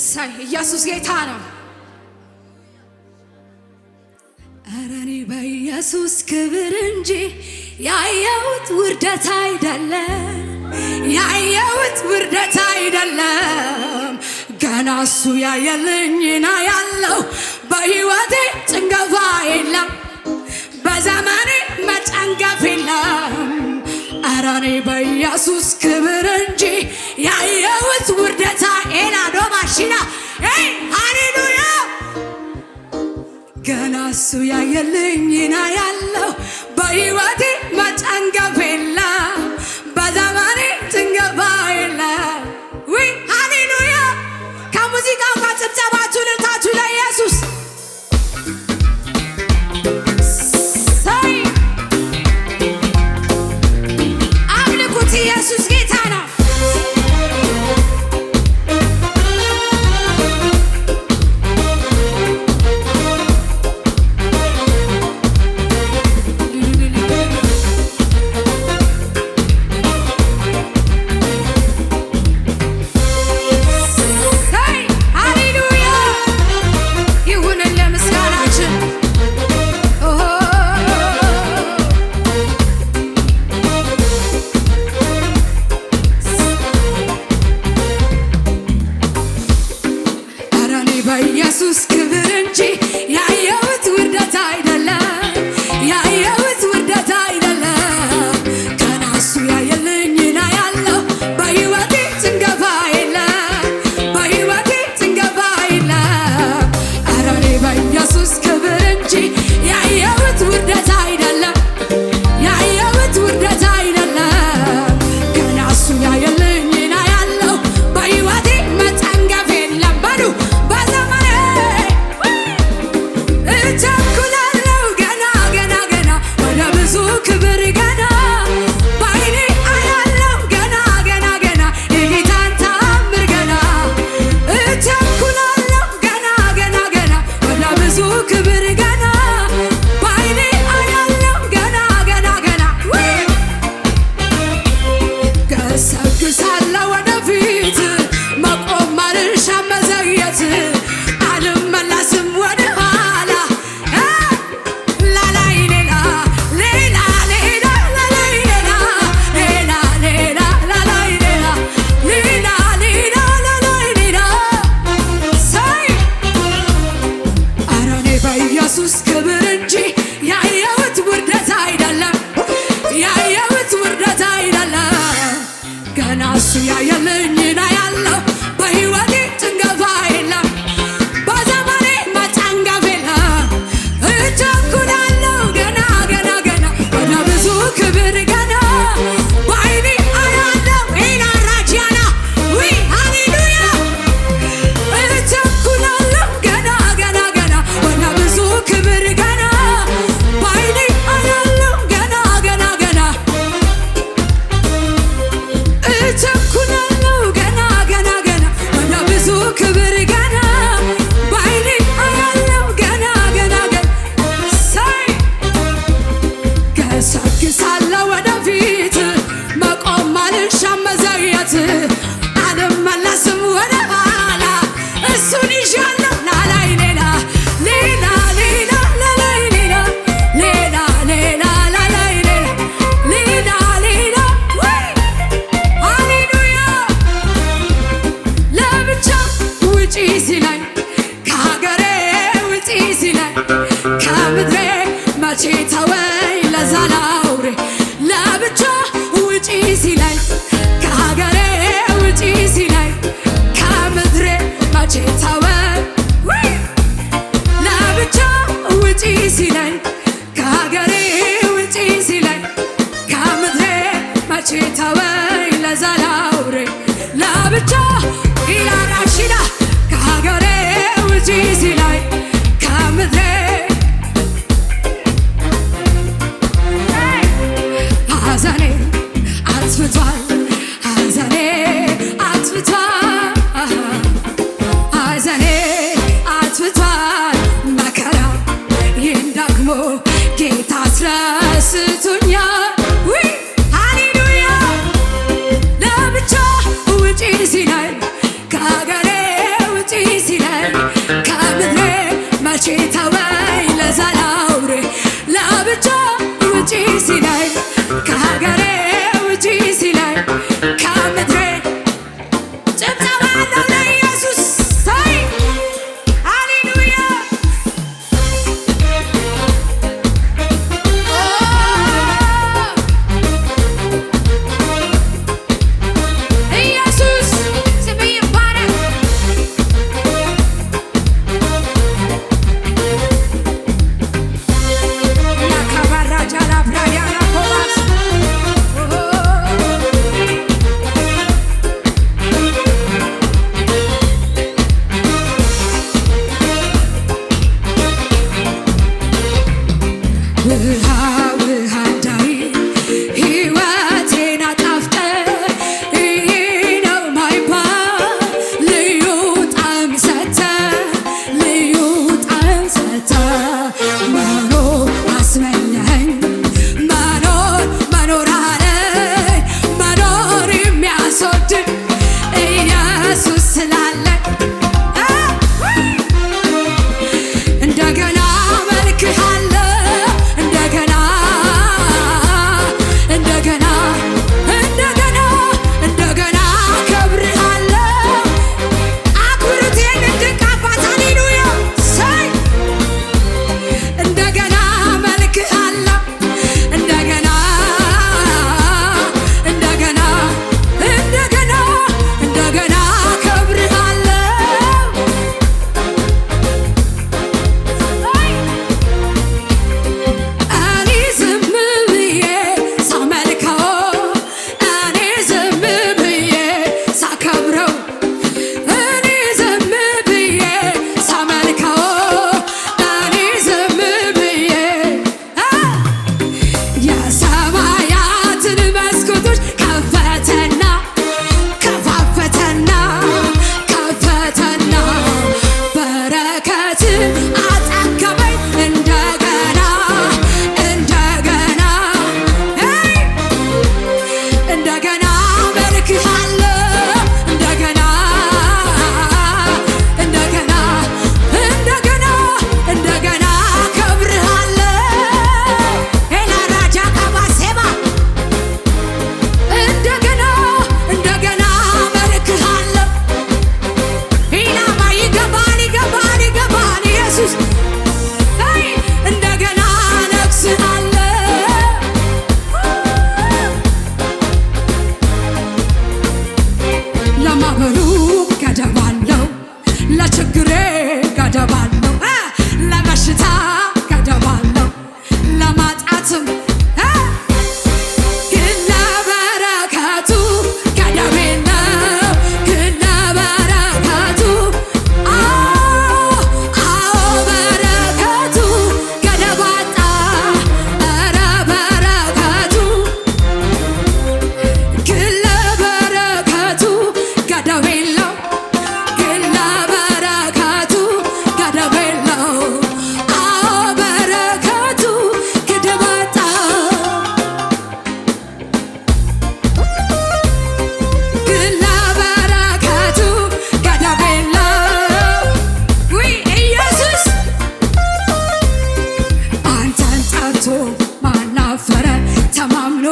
ሳይ ኢየሱስ ጌታ ነው። ኧረ እኔ በኢየሱስ ክብር እንጂ ያየሁት ውርደት አይደለም፣ ያየሁት ውርደት አይደለም። ገና እሱ ያየልኝና ያለው በሕይወቴ ጭንገፋ የለም፣ በዘመኔ መጨንገፍ የለም። ኧረ እኔ በኢየሱስ ክብር እንጂ ያየ እሱ ያየልኝና ያለው በህይወቴ Sus እሱ ያየልኝና ያለው በህይወት ውጪ ተወይ ለዘላውሬ ለብቻ ውጪ ሲላይ ከሀገሬ ውጪ ሲላይ ከምድሬ መቼ ተወይ ለብቻ ውጪ ሲላይ ከሀገሬ ውጪ ሲላይ ከምድሬ መቼ ተወይ ለዘላውሬ ለብቻ ይላራሽ አስደስቶኛል። ሃሌሉያ ለብቻ ውጪ ሲለኝ ከሀገሬ ውጪ ሲለኝ ከምድሬ መቼ ተወኝ ለዘላውሬ ለብቻ ውጪ ሲለኝ ከሀገሬ ውጪ ሲለኝ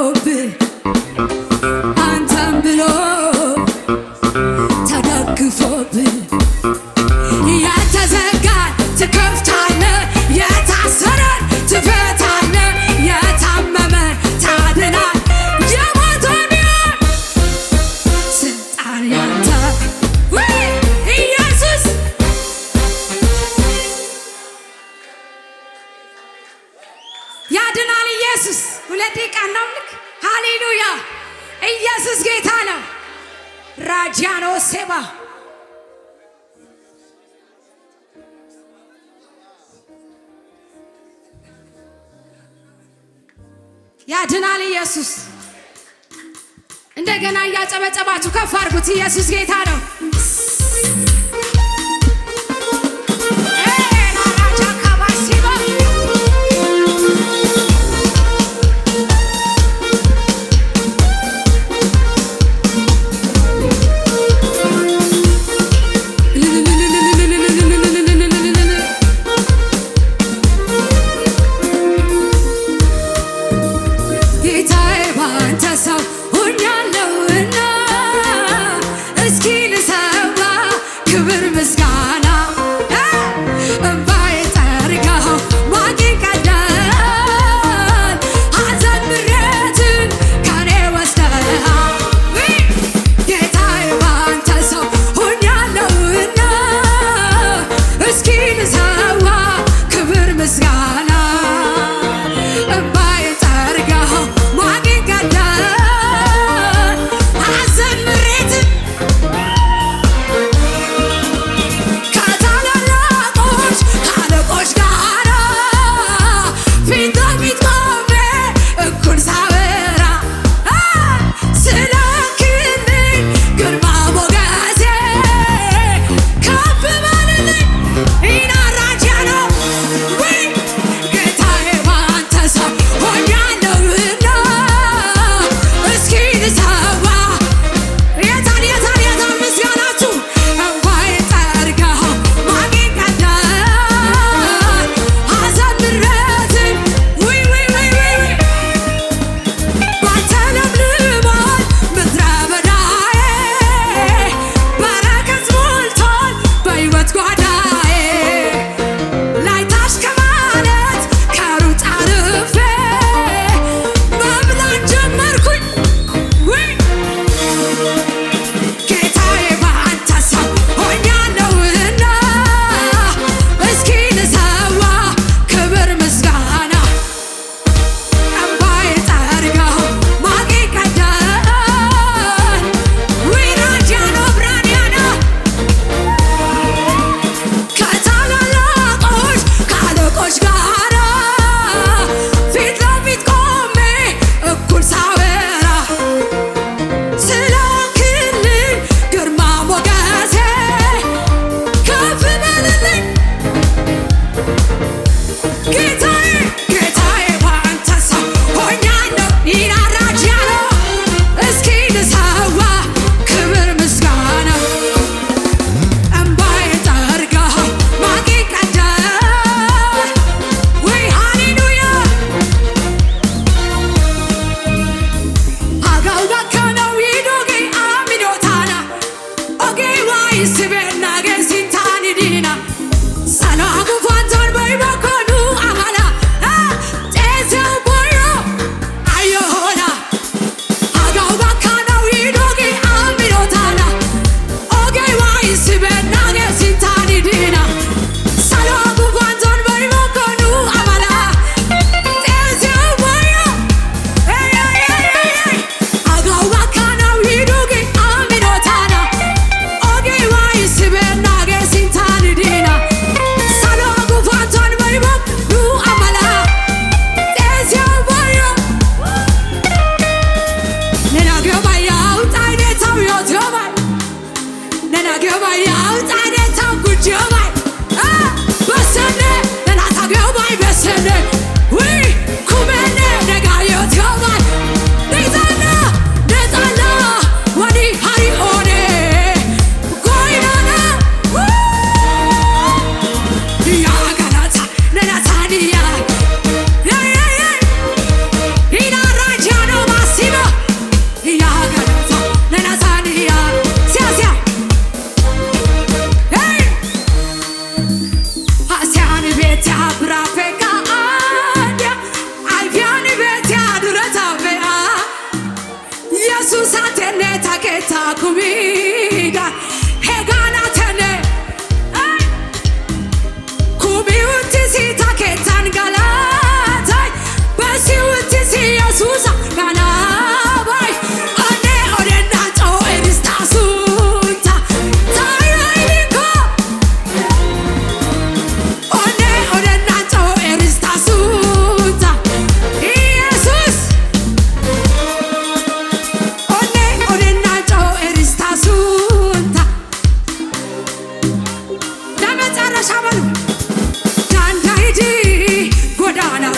your bed. አምልክ። ሃሌሉያ! ኢየሱስ ጌታ ነው። ራጃኖ ሴባ ያድናል ኢየሱስ። እንደገና እያጨበጨባችሁ ከፍ አድርጉት። ኢየሱስ ጌታ ነው።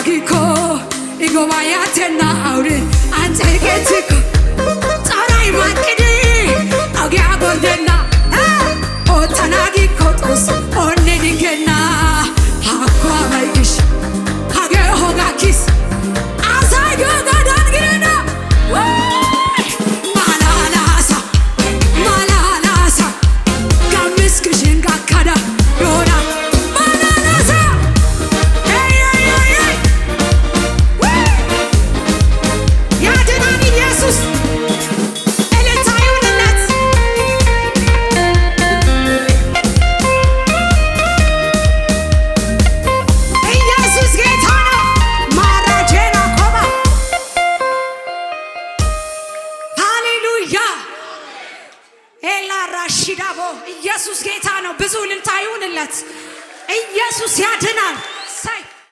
아기코 이거 봐야 되나 우리 안 되겠지 코 떠나이 맞기니 거기 아번 되나